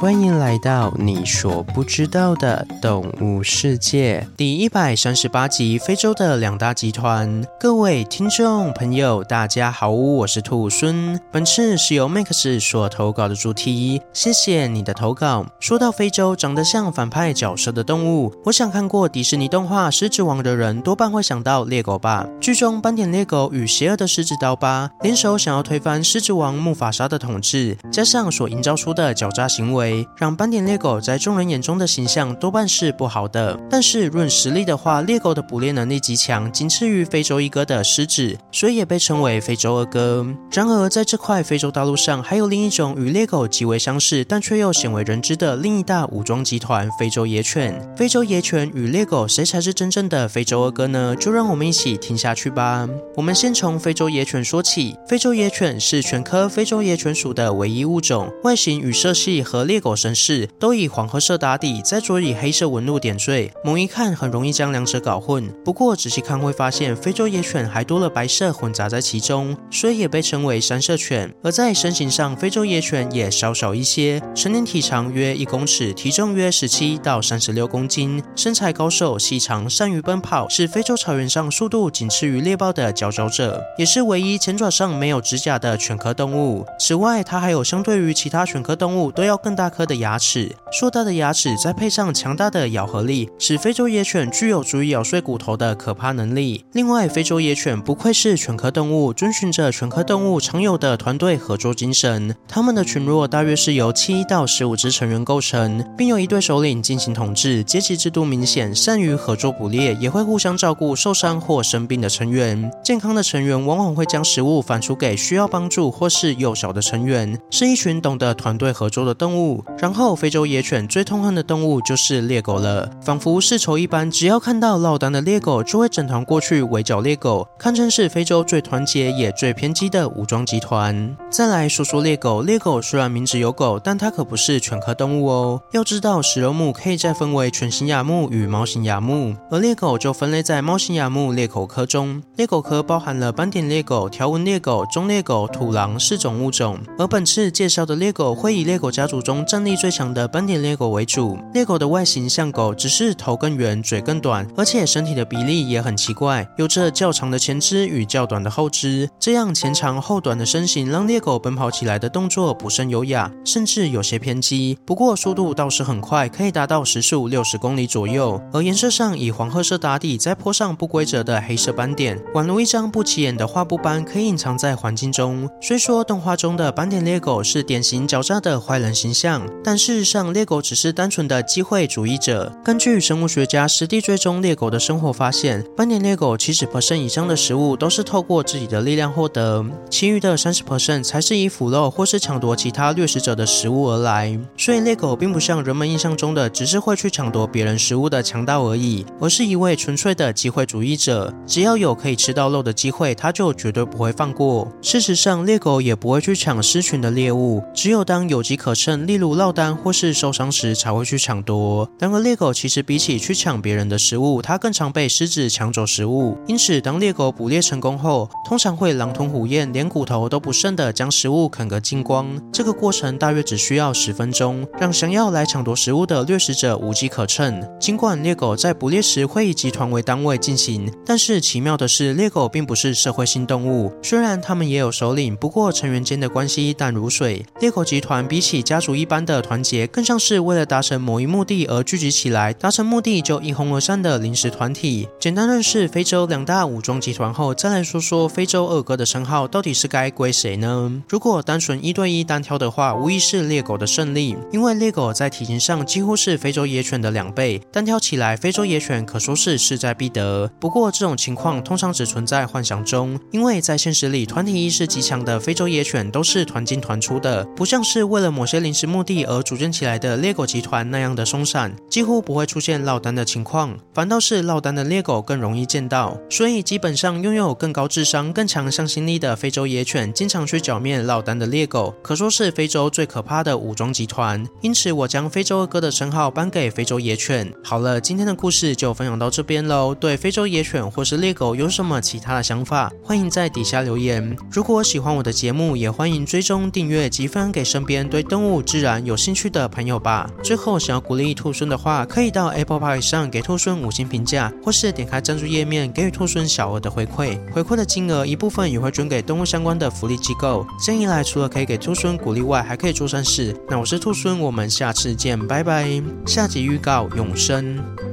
歡迎來到你所不知道的動物世界第一百三十八集：非洲的兩大集團。各位聽眾朋友，大家好，我是兔猻。本次是由 Max 所投稿的主題，謝謝你的投稿。說到非洲長得像反派角色的動物，我想看過迪士尼動畫《獅子王》的人多半會想到鬣狗吧。劇中斑點鬣狗與邪惡的獅子刀疤聯手，想要推翻獅子王木法沙的統治，加上所營造出的狡詐行為。讓斑點鬣狗在眾人眼中的形象多半是不好的，但是論實力的話，鬣狗的捕獵能力極強，僅次於非洲一哥的獅子，所以也被稱為非洲二哥。然而，在這塊非洲大陸上，還有另一種與鬣狗極為相似，但卻又鮮為人知的另一大武裝集團——非洲野犬。非洲野犬與鬣狗，誰才是真正的非洲二哥呢？就讓我們一起聽下去吧。我們先從非洲野犬說起。非洲野犬是犬科非洲野犬屬的唯一物種，外形與色系和鬣狗狗身世都以黃褐色打底，再着以黑色紋路點綴，猛一看很容易將兩者搞混。不過仔細看會發現，非洲野犬還多了白色混雜在其中，所以也被稱為三色犬。而在身形上，非洲野犬也稍小，小一些，成年體長約一公尺，體重約十七到三十六公斤，身材高瘦細長，善於奔跑，是非洲草原上速度僅次於獵豹的佼佼者，也是唯一前爪上沒有指甲的犬科動物。此外，它還有相對於其他犬科動物都要更大。顆的牙齒，碩大的牙齒再配上強大的咬合力，使非洲野犬具有足以咬碎骨頭的可怕能力。另外，非洲野犬不愧是犬科動物，遵循着犬科動物常有的團隊合作精神。它們的群落大約是由七到十五只成員構成，並由一對首領進行統治。階級制度明顯，善於合作捕獵，也會互相照顧受傷或生病的成員。健康的成員往往會將食物反芻給需要幫助或是幼小的成員，是一群懂得團隊合作的動物。然後，非洲野犬最痛恨的動物就是鬣狗了，仿佛世仇一般。只要看到落單的鬣狗，就會整團過去圍剿鬣狗，堪稱是非洲最團結也最偏激的武裝集團。再來說說鬣狗，鬣狗雖然名字有狗，但它可不是犬科動物哦。要知道，食肉目可以再分為犬形亞目與貓形亞目，而鬣狗就分類在貓形亞目鬣狗科中。鬣狗科包含了斑點鬣狗、條紋鬣狗、棕鬣狗、土狼四種物種，而本次介紹的鬣狗會以鬣狗家族中。戰力最強的斑點鬣狗為主，鬣狗的外形像狗，只是頭更圓，嘴更短，而且身體的比例也很奇怪，有着較長的前肢與較短的後肢，這樣前長後短的身形讓鬣狗奔跑起來的動作不甚優雅，甚至有些偏激。不過速度倒是很快，可以達到時速六十公里左右。而顏色上以黃褐色打底，再潑上不規則的黑色斑點，宛如一張不起眼的畫布般，可以隱藏在環境中。雖說動畫中的斑點鬣狗是典型狡詐的壞人形象。但事實上，獵狗只是單純的機會主義者。根據生物學家實地追蹤獵狗的生活發現，斑點獵狗七十%以上的食物都是透過自己的力量獲得，其餘的三十%才是以腐肉或是搶奪其他掠食者的食物而來。所以獵狗並不像人們印象中的只是會去搶奪別人食物的強盜而已，而是一位純粹的機會主義者。只要有可以吃到肉的機會，他就絕對不會放過。事實上，獵狗也不會去搶獅群的獵物，只有當有機可乘，獵例如落單或是受傷時才會去搶奪。然而獵狗其實比起去搶別人的食物，它更常被獅子搶走食物。因此當獵狗捕獵成功後，通常會狼吞虎嚥，連骨頭都不剩的將食物啃個精光。這個過程大約只需要十分鐘，讓想要來搶奪食物的掠食者無機可乘。盡管獵狗在捕獵時會以集團為單位進行，但是奇妙的是，獵狗並不是社會性動物。雖然它們也有首領，不過成員間的關係淡如水。獵狗集團比起家族一般般的團結更像是為了達成某一目的而聚集起來，達成目的就一哄而散的臨時團體。簡單認識非洲兩大武裝集團後，再來說說非洲二哥的稱號到底是該歸誰呢？如果單純一對一單挑的話，無疑是鬣狗的勝利，因為鬣狗在體型上幾乎是非洲野犬的兩倍，單挑起來非洲野犬可說是勢在必得。不過這種情況通常只存在幻想中，因為在現實裡，團體意識極強的非洲野犬都是團進團出的，不像是為了某些臨時目的。地而組建起來的鬣狗集團那樣的鬆散，幾乎不會出現落單的情況，反倒是落單的鬣狗更容易見到。所以基本上擁有更高智商、更強向心力的非洲野犬，經常去剿滅落單的鬣狗，可說是非洲最可怕的武裝集團。因此，我將非洲二哥的稱號頒給非洲野犬。好了，今天的故事就分享到這邊嘍。對非洲野犬或是鬣狗有什麼其他的想法，歡迎在底下留言。如果喜歡我的節目，也歡迎追蹤訂閱及分享給身邊對動物自然。有興趣的朋友吧。最後，想要鼓勵兔猻的話，可以到 Apple Pay 上給兔猻五星評價，或是點開贊助頁面給予兔猻小額的回饋。回饋的金額一部分也會捐給動物相關的福利機構。這樣一來，除了可以給兔猻鼓勵外，還可以做善事。那我是兔猻，我們下次見，拜拜。下集預告：永生。